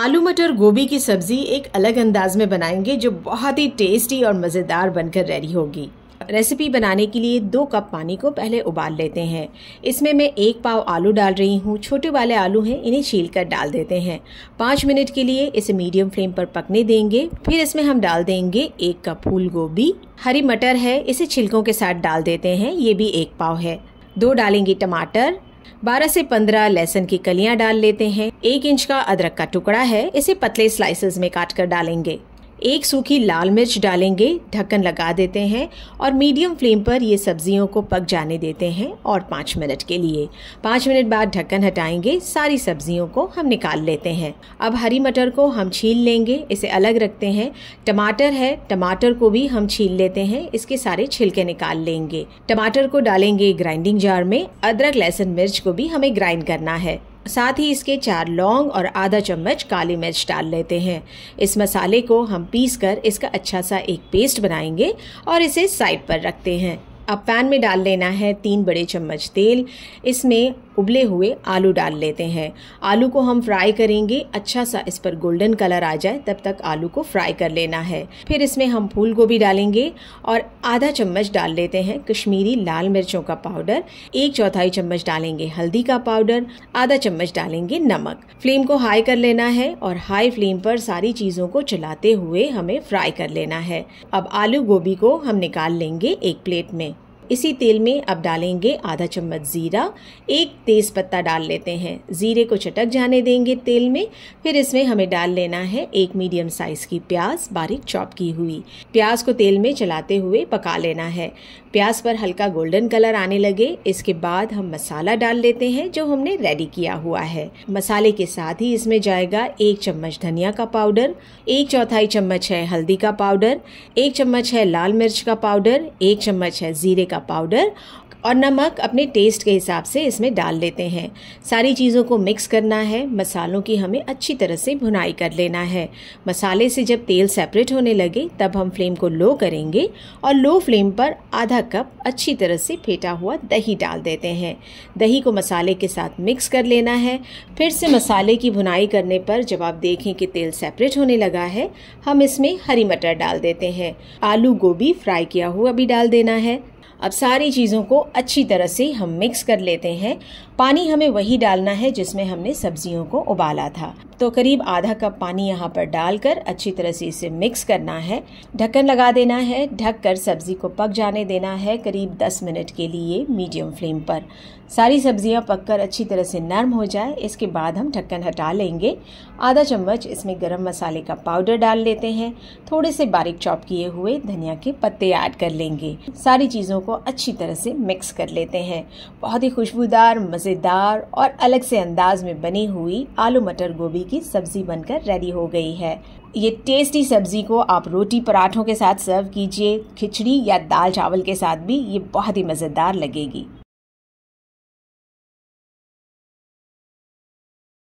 आलू मटर गोभी की सब्ज़ी एक अलग अंदाज में बनाएंगे जो बहुत ही टेस्टी और मज़ेदार बनकर रेडी होगी रेसिपी बनाने के लिए दो कप पानी को पहले उबाल लेते हैं इसमें मैं एक पाव आलू डाल रही हूँ छोटे वाले आलू हैं इन्हें छील कर डाल देते हैं पाँच मिनट के लिए इसे मीडियम फ्लेम पर पकने देंगे फिर इसमें हम डाल देंगे एक कप फूल गोभी हरी मटर है इसे छिलकों के साथ डाल देते हैं ये भी एक पाव है दो डालेंगे टमाटर 12 से 15 लहसुन की कलियां डाल लेते हैं एक इंच का अदरक का टुकड़ा है इसे पतले स्लाइसेस में काट कर डालेंगे एक सूखी लाल मिर्च डालेंगे ढक्कन लगा देते हैं और मीडियम फ्लेम पर ये सब्जियों को पक जाने देते हैं और पाँच मिनट के लिए पाँच मिनट बाद ढक्कन हटाएंगे सारी सब्जियों को हम निकाल लेते हैं अब हरी मटर को हम छील लेंगे इसे अलग रखते हैं टमाटर है टमाटर को भी हम छील लेते हैं इसके सारे छिलके निकाल लेंगे टमाटर को डालेंगे ग्राइंडिंग जार में अदरक लहसुन मिर्च को भी हमें ग्राइंड करना है साथ ही इसके चार लौंग और आधा चम्मच काली मिर्च डाल लेते हैं इस मसाले को हम पीस कर इसका अच्छा सा एक पेस्ट बनाएंगे और इसे साइड पर रखते हैं अब पैन में डाल लेना है तीन बड़े चम्मच तेल इसमें उबले हुए आलू डाल लेते हैं आलू को हम फ्राई करेंगे अच्छा सा इस पर गोल्डन कलर आ जाए तब तक आलू को फ्राई कर लेना है फिर इसमें हम फूल गोभी डालेंगे और आधा चम्मच डाल लेते हैं कश्मीरी लाल मिर्चों का पाउडर एक चौथाई चम्मच डालेंगे हल्दी का पाउडर आधा चम्मच डालेंगे नमक फ्लेम को हाई कर लेना है और हाई फ्लेम पर सारी चीज़ों को चलाते हुए हमें फ्राई कर लेना है अब आलू गोभी को हम निकाल लेंगे एक प्लेट में इसी तेल में अब डालेंगे आधा चम्मच ज़ीरा एक तेज़ पत्ता डाल लेते हैं ज़ीरे को चटक जाने देंगे तेल में फिर इसमें हमें डाल लेना है एक मीडियम साइज़ की प्याज बारीक चॉप की हुई प्याज को तेल में चलाते हुए पका लेना है प्याज पर हल्का गोल्डन कलर आने लगे इसके बाद हम मसाला डाल लेते हैं जो हमने रेडी किया हुआ है मसाले के साथ ही इसमें जाएगा एक चम्मच धनिया का पाउडर एक चौथाई चम्मच है हल्दी का पाउडर एक चम्मच है लाल मिर्च का पाउडर एक चम्मच है जीरे का पाउडर और नमक अपने टेस्ट के हिसाब से इसमें डाल लेते हैं सारी चीज़ों को मिक्स करना है मसालों की हमें अच्छी तरह से भुनाई कर लेना है मसाले से जब तेल सेपरेट होने लगे तब हम फ्लेम को लो करेंगे और लो फ्लेम पर आधा कप अच्छी तरह से फेटा हुआ दही डाल देते हैं दही को मसाले के साथ मिक्स कर लेना है फिर से मसाले की भुनाई करने पर जब आप देखें कि तेल सेपरेट होने लगा है हम इसमें हरी मटर डाल देते हैं आलू गोभी फ्राई किया हुआ भी डाल देना है अब सारी चीज़ों को अच्छी तरह से हम मिक्स कर लेते हैं पानी हमें वही डालना है जिसमें हमने सब्जियों को उबाला था तो करीब आधा कप पानी यहाँ पर डालकर अच्छी तरह से इसे मिक्स करना है ढक्कन लगा देना है ढक कर सब्जी को पक जाने देना है करीब 10 मिनट के लिए मीडियम फ्लेम पर सारी सब्जियाँ पककर अच्छी तरह से नर्म हो जाए इसके बाद हम ढक्कन हटा लेंगे आधा चम्मच इसमें गरम मसाले का पाउडर डाल लेते हैं थोड़े से बारीक चॉप किए हुए धनिया के पत्ते ऐड कर लेंगे सारी चीज़ों को अच्छी तरह से मिक्स कर लेते हैं बहुत ही खुशबूदार मज़े मज़ेदार और अलग से अंदाज में बनी हुई आलू मटर गोभी की सब्जी बनकर रेडी हो गई है ये टेस्टी सब्जी को आप रोटी पराठों के साथ सर्व कीजिए खिचड़ी या दाल चावल के साथ भी ये बहुत ही मज़ेदार लगेगी